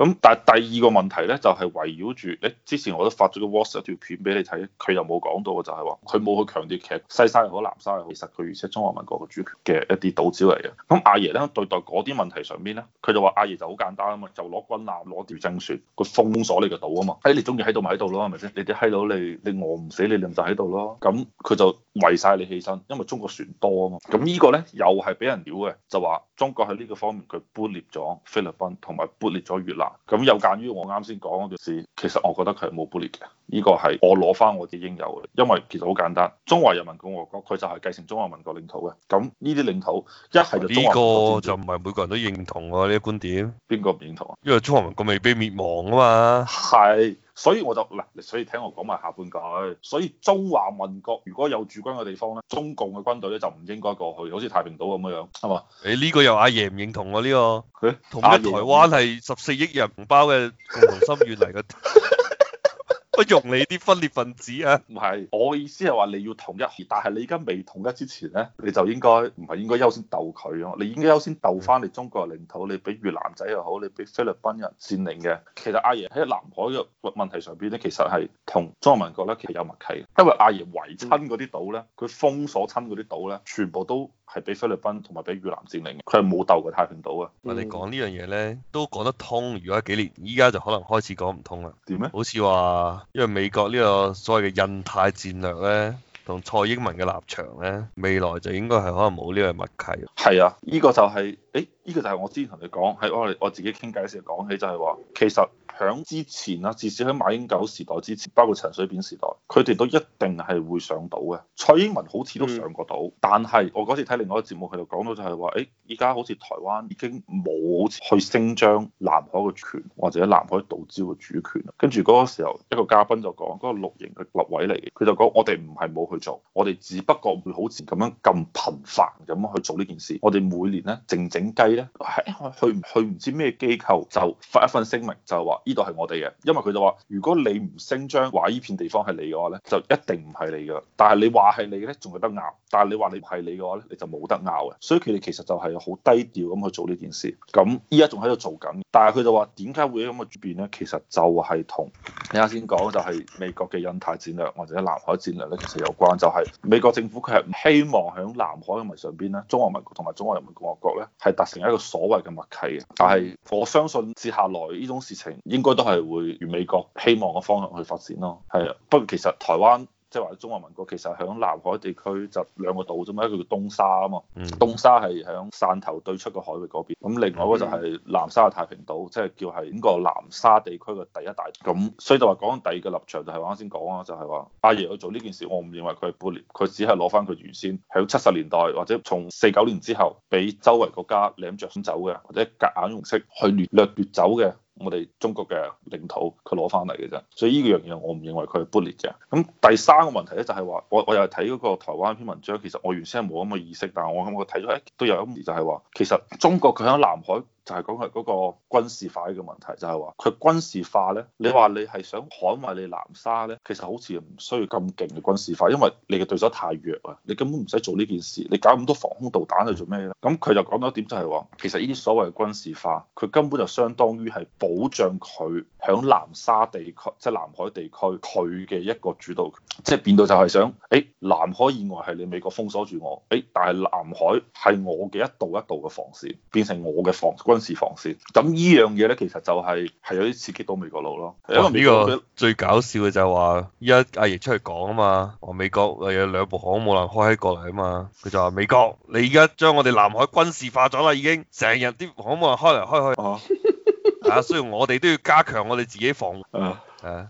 咁但係第二個問題咧，就係、是、圍繞住誒、欸，之前我都發咗個 WhatsApp 條片俾你睇，佢又冇講到嘅就係、是、話，佢冇去強奪劇，西沙又好，南沙又好，其實佢而且中華民國嘅主權嘅一啲島礁嚟嘅。咁阿爺咧，對待嗰啲問題上邊咧，佢就話阿爺就好簡單啊嘛，就攞軍艦攞條正船，佢封鎖你嘅島啊嘛，誒你中意喺度咪喺度咯，係咪先？你啲閪佬你你，你餓唔死你，你哋就喺度咯。咁佢就圍晒你起身，因為中國船多啊嘛。咁呢個咧又係俾人屌嘅，就話中國喺呢個方面佢搬裂咗菲律賓同埋搬裂咗越南。咁有鑑於我啱先講嗰件事，其實我覺得佢係冇 bully 嘅，呢、呢個係我攞返我啲應有嘅，因為其實好簡單，中華人民共和國佢就係繼承中華民國領土嘅，咁呢啲領土一係就呢這個知知就唔係每個人都認同啊呢個觀點，邊個唔認同啊？因為中華民國未被滅亡啊嘛，係。所以我就嗱，所以聽我講埋下半句。所以中華民國如果有駐軍嘅地方咧，中共嘅軍隊咧就唔應該過去，好似太平島咁樣樣，係嘛？你呢、欸呢個又阿爺唔認同喎、啊，呢、呢個、欸、同一台灣係十四億人包嘅共同心願嚟嘅。不容你啲分裂分子啊！唔係，我嘅意思係話你要統一，但係你而家未統一之前咧，你就應該唔係應該優先鬥佢咯。你應該優先鬥翻你中國嘅領土，你俾越南仔又好，你俾菲律賓人佔領嘅。其實阿爺喺南海嘅問題上邊咧，其實係同中華民國咧，其實有默契，因為阿爺圍親嗰啲島咧，佢封鎖親嗰啲島咧，全部都。係俾菲律賓同埋俾越南佔領嘅，佢係冇鬥過太平島、嗯、 啊！嗱，你講呢樣嘢呢，都講得通。如果幾年依家就可能開始講唔通啦。點咧？好似話，因為美國呢個所謂嘅印太戰略呢，同蔡英文嘅立場呢，未來就應該係可能冇呢樣默契。係啊，呢個就係、是，誒、欸，依、這個就係我之前同你講，喺我哋我自己傾偈嘅時候講起就係話，其實。響之前啊，至少喺馬英九時代之前，包括陳水扁時代，佢哋都一定係會上到嘅。蔡英文好似都上過到，嗯、但係我嗰次睇另外一個節目，佢就講到就係話，誒、欸，依家好似台灣已經冇去聲張南海嘅權或者南海島礁嘅主權啦。跟住嗰個時候，一個嘉賓就講嗰、那個綠營嘅立委嚟嘅，佢就講，我哋唔係冇去做，我哋只不過會好似咁樣咁頻繁咁樣去做呢件事。我哋每年咧，靜靜雞咧，去唔去唔知咩機構就發一份聲明就，就係話。呢度係我哋嘅，因為佢就話：如果你唔聲張話呢片地方係你嘅話咧，就一定唔係你嘅。但係你，你，但你，你，你話係你咧，仲有得拗；但係你話你唔係你嘅話咧，你就冇得拗嘅。所以佢哋其實就係好低調咁去做呢件事。咁依家仲喺度做緊，但係佢就話點解會有咁嘅轉變咧？其實就係同你啱先講就係美國嘅印太戰略或者南海戰略咧，其實有關。就係美國政府佢係唔希望喺南海嘅問題上邊咧，中華民國同埋中華人民共和國咧係達成一個所謂嘅默契嘅。但係我相信接下來呢種事情。應該都係會與美國希望嘅方向去發展咯。係啊，不過其實台灣即係話中華民國，其實喺南海地區就兩個島啫嘛，一個叫東沙啊嘛，嗯、東沙係喺汕頭對出嘅海域嗰邊。咁另外一個就係南沙嘅太平島，即係叫係呢個南沙地區嘅第一大島。咁所以就話講第二個立場，就是，就係啱先講啊，就係話阿爺去做呢件事，我唔認為佢係半年，佢只係攞翻佢原先喺七十年代或者從四九年之後俾周圍國家領著走嘅，或者夾硬用色去掠奪走嘅。我哋中國嘅領土，佢攞翻嚟嘅啫，所以呢個樣嘢我唔認為佢係分裂嘅。咁第三個問題咧就係話，我我又係睇嗰個台灣一篇文章，其實我原先係冇咁嘅意識，但係我咁我睇咗，誒都有一點就係話，其實中國佢喺南海。就係講係嗰個軍事化呢個問題，就係話佢軍事化咧，你話你係想捍衞你南沙咧，其實好似唔需要咁勁嘅軍事化，因為你嘅對手太弱啊，你根本唔使做呢件事，你搞咁多防空導彈去做咩咧？咁佢就講咗一點就係話，其實呢啲所謂軍事化，佢根本就相當於係保障佢喺南沙地區，即係南海地區佢嘅一個主導權即係變到就係想，誒、欸、南海以外係你美國封鎖住我，誒、欸、但係南海係我嘅一道一道嘅防線，變成我嘅防。軍事防線咁呢樣嘢咧，其實就係係有啲刺激到美國佬咯。呢、呢個最搞笑嘅就係話，依家阿爺出去講啊嘛，話美國又有兩部航母艦開起過嚟啊嘛，佢就話，美國你依家將我哋南海軍事化咗啦，已經成日啲航母艦開嚟開去。 啊，雖然我哋都要加強我哋自己防啊，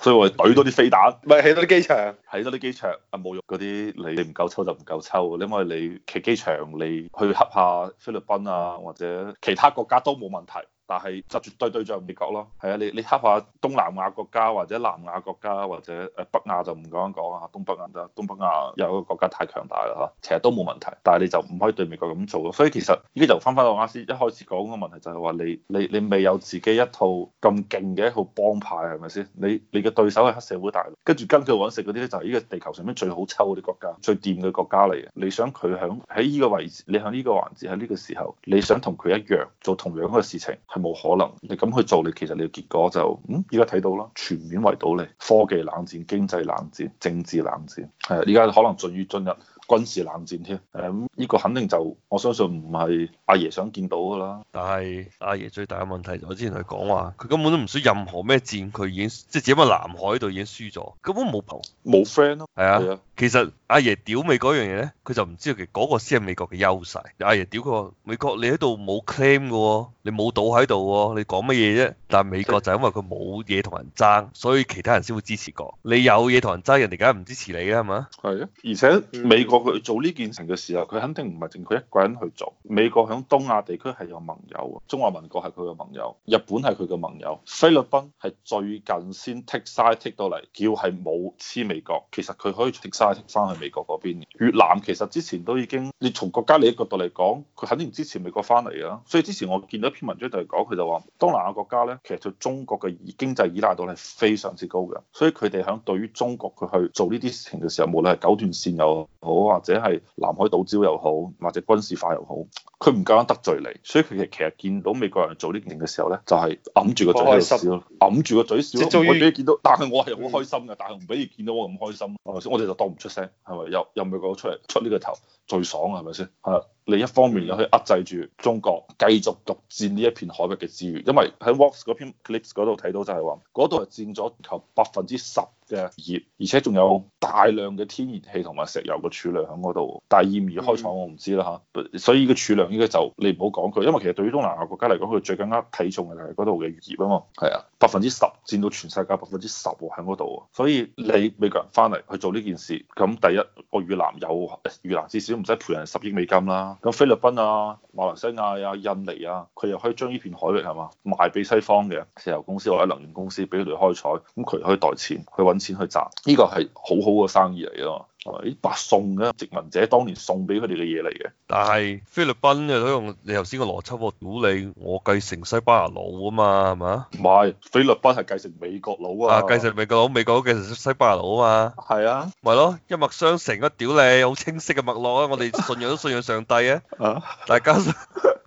所以我哋懟多啲飛彈，唔係起多啲機場，起多啲機場啊，侮辱嗰啲你哋唔夠抽就唔夠抽，因為你騎機場你去黑下菲律賓啊，或者其他國家都冇問題。但係就絕對對著美國咯，係啊，你你黑下東南亞國家或者南亞國家，或者誒北亞就唔敢講啊，東北亞就東北亞有一個國家太強大啦，嚇，其實都冇問題，但係你就唔可以對美國咁做咯。所以其實依家就翻返到我啱先一開始講個問題就，就係話你你你未有自己一套咁勁嘅一套幫派係咪先？你你嘅對手係黑社會大佬，跟住跟佢揾食嗰啲咧，就係呢個地球上面最好抽嗰啲國家、最掂嘅國家嚟嘅。你想佢響喺呢個位置，你響呢個環節喺呢個時候，你想同佢一樣做同樣嘅事情，冇可能，你咁去做，你其實你嘅結果就，嗯，依家睇到啦，全面圍堵你，科技冷戰、經濟冷戰、政治冷戰，誒，依家可能進於進入軍事冷戰添，誒、嗯，咁、這、呢個肯定就我相信唔係阿爺想見到㗎啦。但係阿爺最大嘅問題就我之前佢講話，佢根本都唔需任何咩戰，佢已經即係只係咪南海度已經輸咗，根本冇朋冇 friend 咯，係啊。的其實阿爺屌美嗰樣嘢咧，佢就唔知道其嗰、嗰個先係美國嘅優勢。阿爺屌佢話美國你喺度冇 claim 嘅、哦，你冇賭喺度，你講乜嘢啫？但係美國就係因為佢冇嘢同人爭，的所以其他人先會支持佢。你有嘢同人爭，人哋梗係唔支持你嘅係嘛？係啊，而且美國佢做呢件事嘅時候，佢肯定唔係淨佢一個人去做。美國響東亞地區係有盟友，中華民國係佢嘅盟友，日本係佢嘅盟友，菲律賓係最近先 take side take 到嚟，叫係冇黐美國。其實佢可以。帶翻去美國嗰邊，越南其實之前都已經，你從國家利益角度嚟講，佢肯定支持美國翻嚟啊。所以之前我見到一篇文章就係講，佢就話東南亞國家咧，其實對中國嘅經濟依賴度係非常之高嘅，所以佢哋響對於中國佢去做呢啲事情嘅時候，無論係九段線又好，或者係南海島礁又好，或者軍事化又好，佢唔夠膽得罪你，所以佢其實見到美國人做呢件嘢嘅時候咧，就係揞住個嘴笑。揞住個嘴笑，唔俾你見到。但係我係好開心嘅，嗯、但係唔俾你見到我咁開心。我哋就當。唔出聲係咪，又又唔係講出嚟，出呢個頭。最爽啊，係咪先？係啊，你一方面又可以壓制住中國繼續獨佔呢一片海域嘅資源，因為喺 w a s 嗰篇 Clip 嗰度睇到就係話，嗰度係佔咗全球百分之十嘅業，而且仲有大量嘅天然氣同埋石油嘅儲量喺嗰度。但二意味開採我唔知啦嚇，嗯、所以嘅儲量應該就你唔好講佢，因為其實對於東南亞國家嚟講，佢最緊握睇重嘅就係嗰度嘅漁業啊嘛。係啊，百分之十佔到全世界百分之十喎，喺嗰度，所以你美國人翻嚟去做呢件事，咁第一個越南有越南之都唔使賠人十億美金啦。咁菲律賓啊、馬來西亞啊、印尼啊，佢又可以將呢片海域係嘛賣俾西方嘅石油公司或者能源公司，俾佢哋開採。咁佢可以代錢去揾錢去賺，呢個係好好嘅生意嚟啊！係啲白送嘅，殖民者當年送俾佢哋嘅嘢嚟嘅。但係菲律賓又都用你頭先個邏輯喎，屌你，我繼承西班牙佬啊嘛，係咪啊？唔係，菲律賓係繼承美國佬啊。繼承美國佬，美國佬繼承西班牙佬啊嘛。係啊。咪咯，一脈相承啊，屌你，好清晰嘅脈絡啊。我哋信仰都信仰上帝啊。啊。大家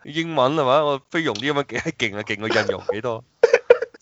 英文係嘛？我菲傭啲咁樣幾係勁啊，勁個印容幾多。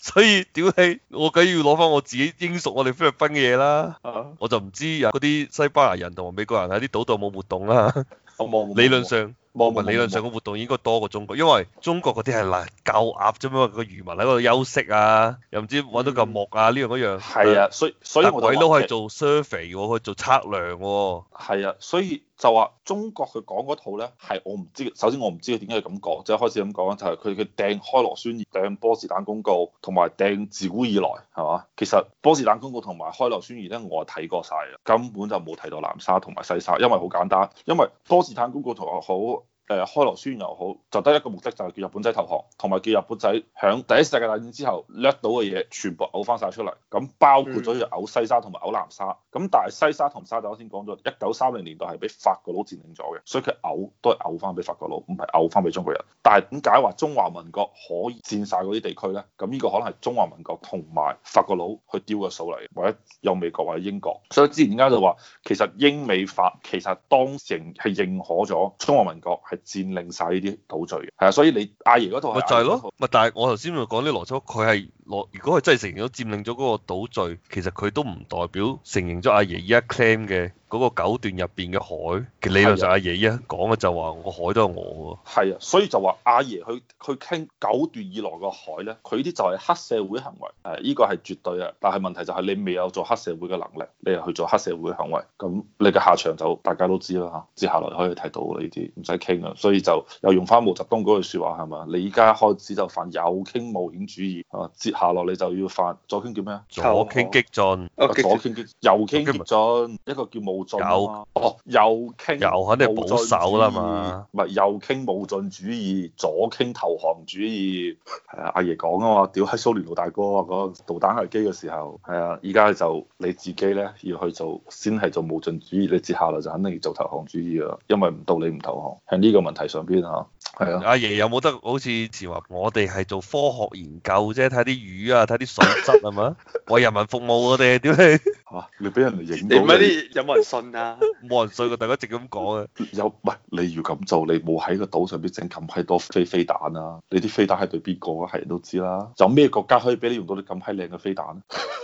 所以屌你，我梗要攞返我自己應屬我哋菲律賓嘅嘢啦，uh huh. 我就唔知人嗰啲西班牙人同埋美國人喺啲島度有冇活動啦。Uh huh. uh huh. 理論上。網民理論上個活動應該多過中國，因為中國嗰啲係嗱救鴨啫嘛，個漁民喺度休息啊，又唔知揾到嚿木啊呢樣嗰樣。啊，啊，所以所以鬼都係做 survey 去做測量喎。係是啊，所以就話中國佢講嗰套咧，係我唔知。首先我唔知佢點解佢咁講，即、就、係、是、開始咁講就係佢佢掟開羅宣言、掟波士坦公告，同埋掟自古以來係嘛？其實波士坦公告同埋開羅宣言咧，我睇過晒啦，根本就冇睇到南沙同埋西沙，因為好簡單，因為波士坦公告同埋好。誒，開羅宣言又好，就得一個目的，就係叫日本仔投降，同埋叫日本仔響第一世界大戰之後，掠到嘅嘢全部嘔翻晒出嚟，咁包括咗要嘔西沙同埋嘔南沙。咁但係西沙同南沙頭先講咗，一九三零年代係俾法國佬佔領咗嘅，所以佢嘔都係嘔翻俾法國佬，唔係嘔翻俾中國人。但係點解話中華民國可以佔晒嗰啲地區咧？咁呢個可能係中華民國同埋法國佬去丟嘅數嚟，或者有美國或者英國。所以之前啱就話，其實英美法其實當時係認可咗中華民國，佔領晒呢啲島嶼嘅，係啊，所以你阿爺嗰套咪就係咯，咪但係我頭先咪講啲邏輯，佢係攞，如果佢真係承認咗佔領咗嗰個島嶼，其實佢都唔代表承認咗阿爺依家 claim 嘅嗰個九段入邊嘅海，理論上阿爺依家講嘅就話我海都係我喎，係啊，所以就話阿爺去佢傾九段以來嘅海咧，佢啲就係黑社會行為，係依個係絕對啊，但係問題就係你未有做黑社會嘅能力，你又去做黑社會行為，咁你嘅下場就大家都知啦嚇，接下來可以睇到啦，依啲唔使傾。所以就又用翻毛澤東嗰句說話，係嘛？你依家開始就犯右傾冒險主義啊！接下落你就要犯左傾叫咩啊？進左傾激進啊！進左傾右傾激進，一個叫冒進，有右傾又肯定保守啦嘛。係右傾冒進主義，左傾投降主義。係啊，阿爺講啊嘛，屌喺蘇聯老大哥啊個導彈危機嘅時候，係啊，依家就你自己咧要去做，先係做冒進主義，你接下落就肯定要做投降主義啊，因為唔到你唔投降，呢個問題上邊嚇，係啊，阿爺、啊啊、有冇得好似以前話我哋係做科學研究啫，睇啲魚啊，睇啲水質係嘛，為人民服務我哋點解？ 你俾人哋影到有冇你人信啊？冇 人信㗎，大家直咁講啊！ 有唔你要咁做，你冇喺個島上邊整咁閪多飛飛彈啊？你啲飛彈係對邊個啊？係人、啊、都知啦、啊。有咩國家可以俾你用到啲咁閪靚嘅飛彈、啊？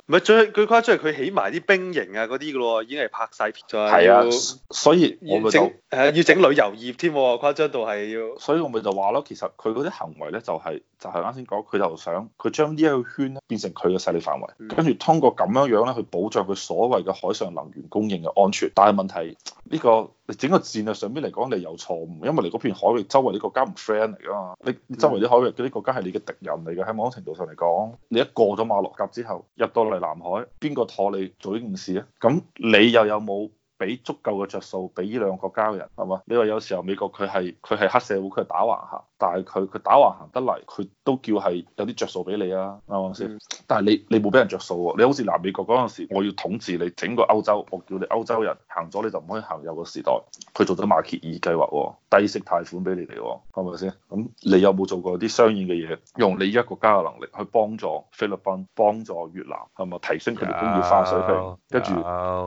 唔 係最最誇張係佢起埋啲兵營啊嗰啲嘅咯，已經係拍晒片。係啊，所以要而就整誒、啊、要整旅遊業添、啊、誇張到係要。所以我咪就話咯，其實佢嗰啲行為咧就係、是、就係啱先講，佢就想佢將呢一個圈咧變成佢嘅勢力範圍，嗯、跟住通過咁樣樣咧去保障佢。所謂嘅海上能源供應嘅安全，但係問題呢、這個你整個戰略上面嚟講，你有錯誤，因為你嗰片海域周圍啲國家唔 friend 嚟噶嘛，你周圍啲海域嗰啲、這個、國家係你嘅敵人嚟嘅，喺某程度上嚟講，你一過咗馬六甲之後入到嚟南海，邊個託你做呢件事啊？咁你又有冇？俾足夠嘅着數俾呢兩個國家嘅人，係嘛？你話有時候美國佢係佢係黑社會，佢係打橫行行，但係佢佢打橫行行得嚟，佢都叫係有啲着數俾你啊，係咪先？嗯、但係你你冇俾人着數喎，你好似南美國嗰陣時，我要統治你整個歐洲，我叫你歐洲人行咗你就唔可以行，有個時代佢做咗馬歇爾計劃，低息貸款俾你哋，係咪先？咁你有冇做過啲相應嘅嘢，用你一個國家嘅能力去幫助菲律賓、幫助越南，係咪提升佢哋工業化水平？跟住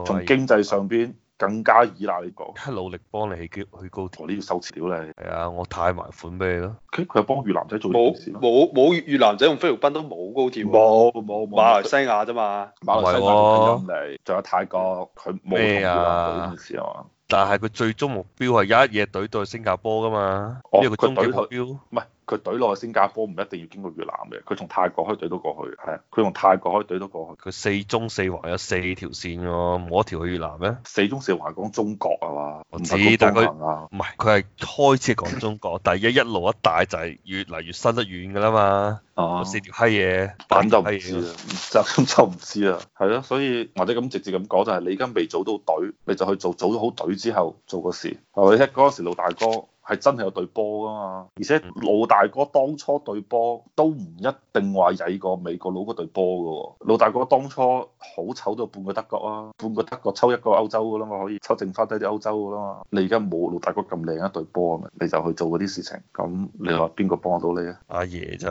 從經濟上邊。更加倚賴你講，努力幫你去高去高鐵呢啲，哦、收錢料咧。係啊，我貸埋款俾你咯。佢佢幫越南仔做啲事冇冇，越南仔用菲律賓都冇高鐵喎。冇冇馬來西亞啫嘛。唔係喎。仲，啊、有泰國，佢冇高鐵冇啊鐵，但係佢最終目標係一夜隊到新加坡㗎嘛。哦，佢對佢唔係。他佢隊落去新加坡唔一定要經過越南嘅，佢從泰國可以隊到過去，係啊，佢從泰國可以隊到過去，佢四中四環有四條線咯，冇一條去越南咩？四中四環講中國係嘛？只知係佢唔係，佢係、嗯、開始講中國， 但係一一路一帶就係越嚟越伸得遠㗎啦嘛。哦， 四條閪嘢，咁、嗯、就唔知就咁就唔知啦。係咯， 所以或者咁直接咁講就係、是，你而家未組到隊，你就去做組咗好隊之後做個事，係咪？你聽嗰時老大哥。係真係有對波噶嘛，而且老大哥當初對波都唔一定話曳過美國佬嗰對波噶喎，老大哥當初好醜都有半個德國啊，半個德國抽一個歐洲噶啦嘛，可以抽剩翻低啲歐洲噶啦嘛，你而家冇老大哥咁靚一對波啊，你就去做嗰啲事情，咁你話邊個幫到你啊？阿爺就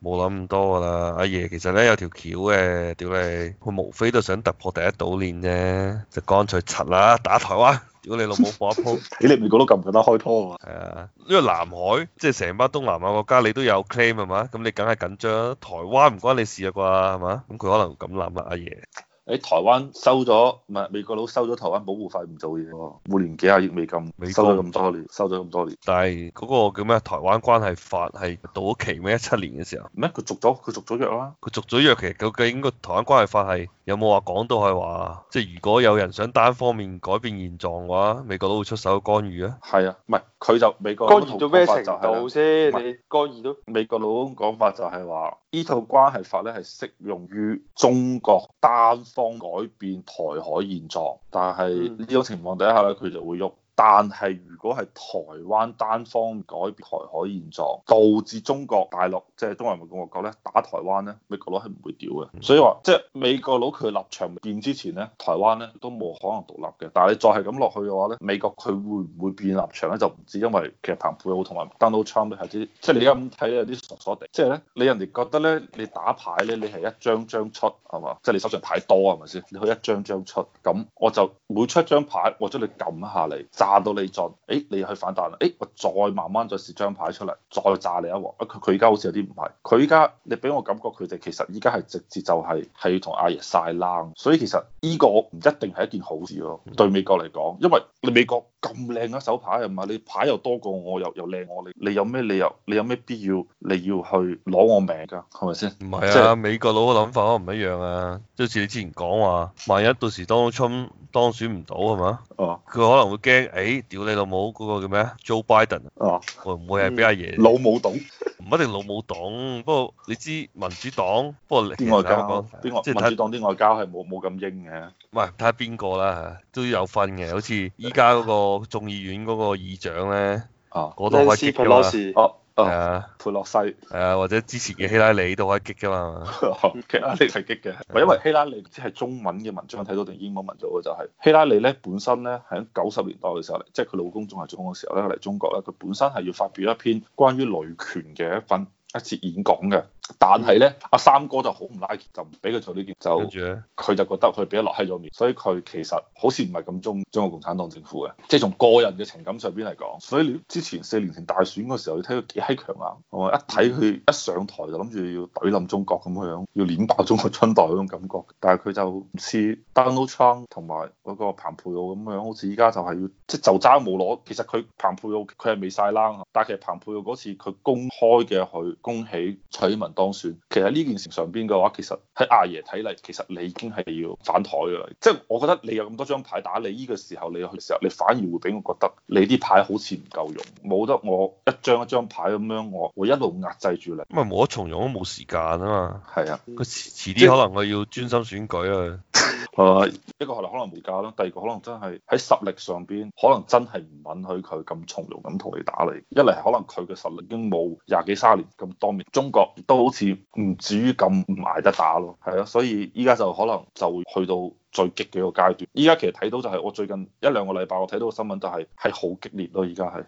冇諗咁多噶啦，阿爺其實咧有條橋嘅，屌你，佢無非都想突破第一島鏈啫，就乾脆柒啦，打台灣。如果你老母放一鋪，睇你美國佬敢唔敢開拖啊？係啊，因為南海即係成班東南亞國家，你都有 claim 係嘛，咁你梗係緊張啦。台灣唔關你事啊啩係嘛？咁佢可能咁諗啊阿爺。誒台灣收咗，唔係美國佬收咗台灣保護費唔做嘢喎，每年幾十億未夠，收咗咁多年，收咗咁多年。但係嗰個叫咩？台灣關係法係到咗期咩？一七年嘅時候。咩？佢續咗佢續咗約啦。佢續咗約，其實究竟個台灣關係法係？有冇話講到係話，即係如果有人想單方面改變現狀嘅話，美國都會出手干預啊？係啊，唔係佢就美國干預做咩程度先？你干預到、啊、美國佬講法就係話，呢、啊、套關係法咧係適用於中國單方改變台海現狀，但係呢、嗯、種情況底下咧，佢就會喐。但係如果係台灣單方改變台海現狀，導致中國大陸即係中華人民共和國咧打台灣咧，美國佬係唔會屌嘅。所以話即係美國佬佢立場變之前咧，台灣咧都冇可能獨立嘅。但係你再係咁落去嘅話咧，美國佢會唔會變立場咧就唔知，因為其實彭佩奧同埋 Donald Trump 都係啲即係你而家咁睇有啲傻傻地。即係咧，你人哋覺得咧，你打牌咧你係一張張出係嘛，即係你手上牌多係咪先？你去一張張出，咁我就每出一張牌一，或者你撳下嚟炸到你盡，誒、欸、你去反彈啦，誒、欸、我再慢慢再蝕張牌出嚟，再炸你一鑊。佢佢依家好似有啲唔係，佢依家你俾我感覺佢哋其實依家係直接就係係同阿爺晒冷，所以其實呢個唔一定係一件好事咯。對美國嚟講，因為你美國咁靚嘅手牌又唔係嘛，你牌又多過我，又又靚我，你你有咩理由？你有咩必要你要去攞我命㗎？係咪先？唔係啊，即係、美國佬嘅諗法唔一樣啊，即係好似你之前講話，萬一到時當我出。當選唔到係嘛？哦，佢可能會驚，誒、哎，屌你老母，嗰、那個叫咩 Joe Biden，哦會會，會唔會係俾阿爺老母黨？唔一定老母黨， 不過你知民主黨，不過啲家外交，即係民主黨啲外交係冇冇咁英嘅。唔睇下邊個啦吓，都有分嘅，好似依家嗰個眾議院嗰個議長咧，嗯、啊，嗰度可以係啊，佩洛西係啊，或者之前嘅希拉里都可以激㗎嘛。 希拉里係激嘅，唔 因為希拉里，唔知係中文嘅文章睇到定英文文章嘅就係、是、希拉里咧本身咧喺九十年代嘅時候，即係佢老公仲係總統嘅時候咧嚟中國咧，佢本身係要發表一篇關於女權嘅一份一次演講嘅。但係咧，阿三哥就好唔 like，就唔俾佢做呢件，就佢就覺得佢俾咗落喺咗面，所以佢其實好似唔係咁中中國共產黨政府嘅，即係從個人嘅情感上邊嚟講。所以你之前四年前大選嗰時候，你睇佢幾閪強硬，我一睇佢一上台就諗住要懟冧中國咁樣，要攣爆中國春袋嗰種感覺？但係佢就唔似 Donald Trump 同埋嗰個彭佩奧咁樣，好似依家就係要即係就揸冇攞。其實佢彭佩奧佢係未晒冷，但係其實彭佩奧嗰次佢公開嘅佢恭喜蔡英文。當選，其實呢件事上邊嘅話，其實喺阿爺睇嚟，其實你已經係要反台㗎啦。即係我覺得你有咁多張牌打你，你呢個時候你去時候，你反而會俾我覺得你啲牌好似唔夠用，冇得我一張一張牌咁樣，我會一路壓制住你。咁冇得重用都冇時間啊嘛。係啊，佢遲遲啲可能我要專心選舉啊。誒一個可能可能無價啦，第二個可能真係喺實力上邊，可能真係唔允許佢咁從容咁同你打嚟。一嚟可能佢嘅實力已經冇廿幾三十年咁多面，中國都好似唔至於咁唔捱得打咯，係啊，所以依家就可能就去到最激嘅一個階段。依家其實睇到就係我最近一兩個禮拜我睇到個新聞就係係好激烈咯，而家係。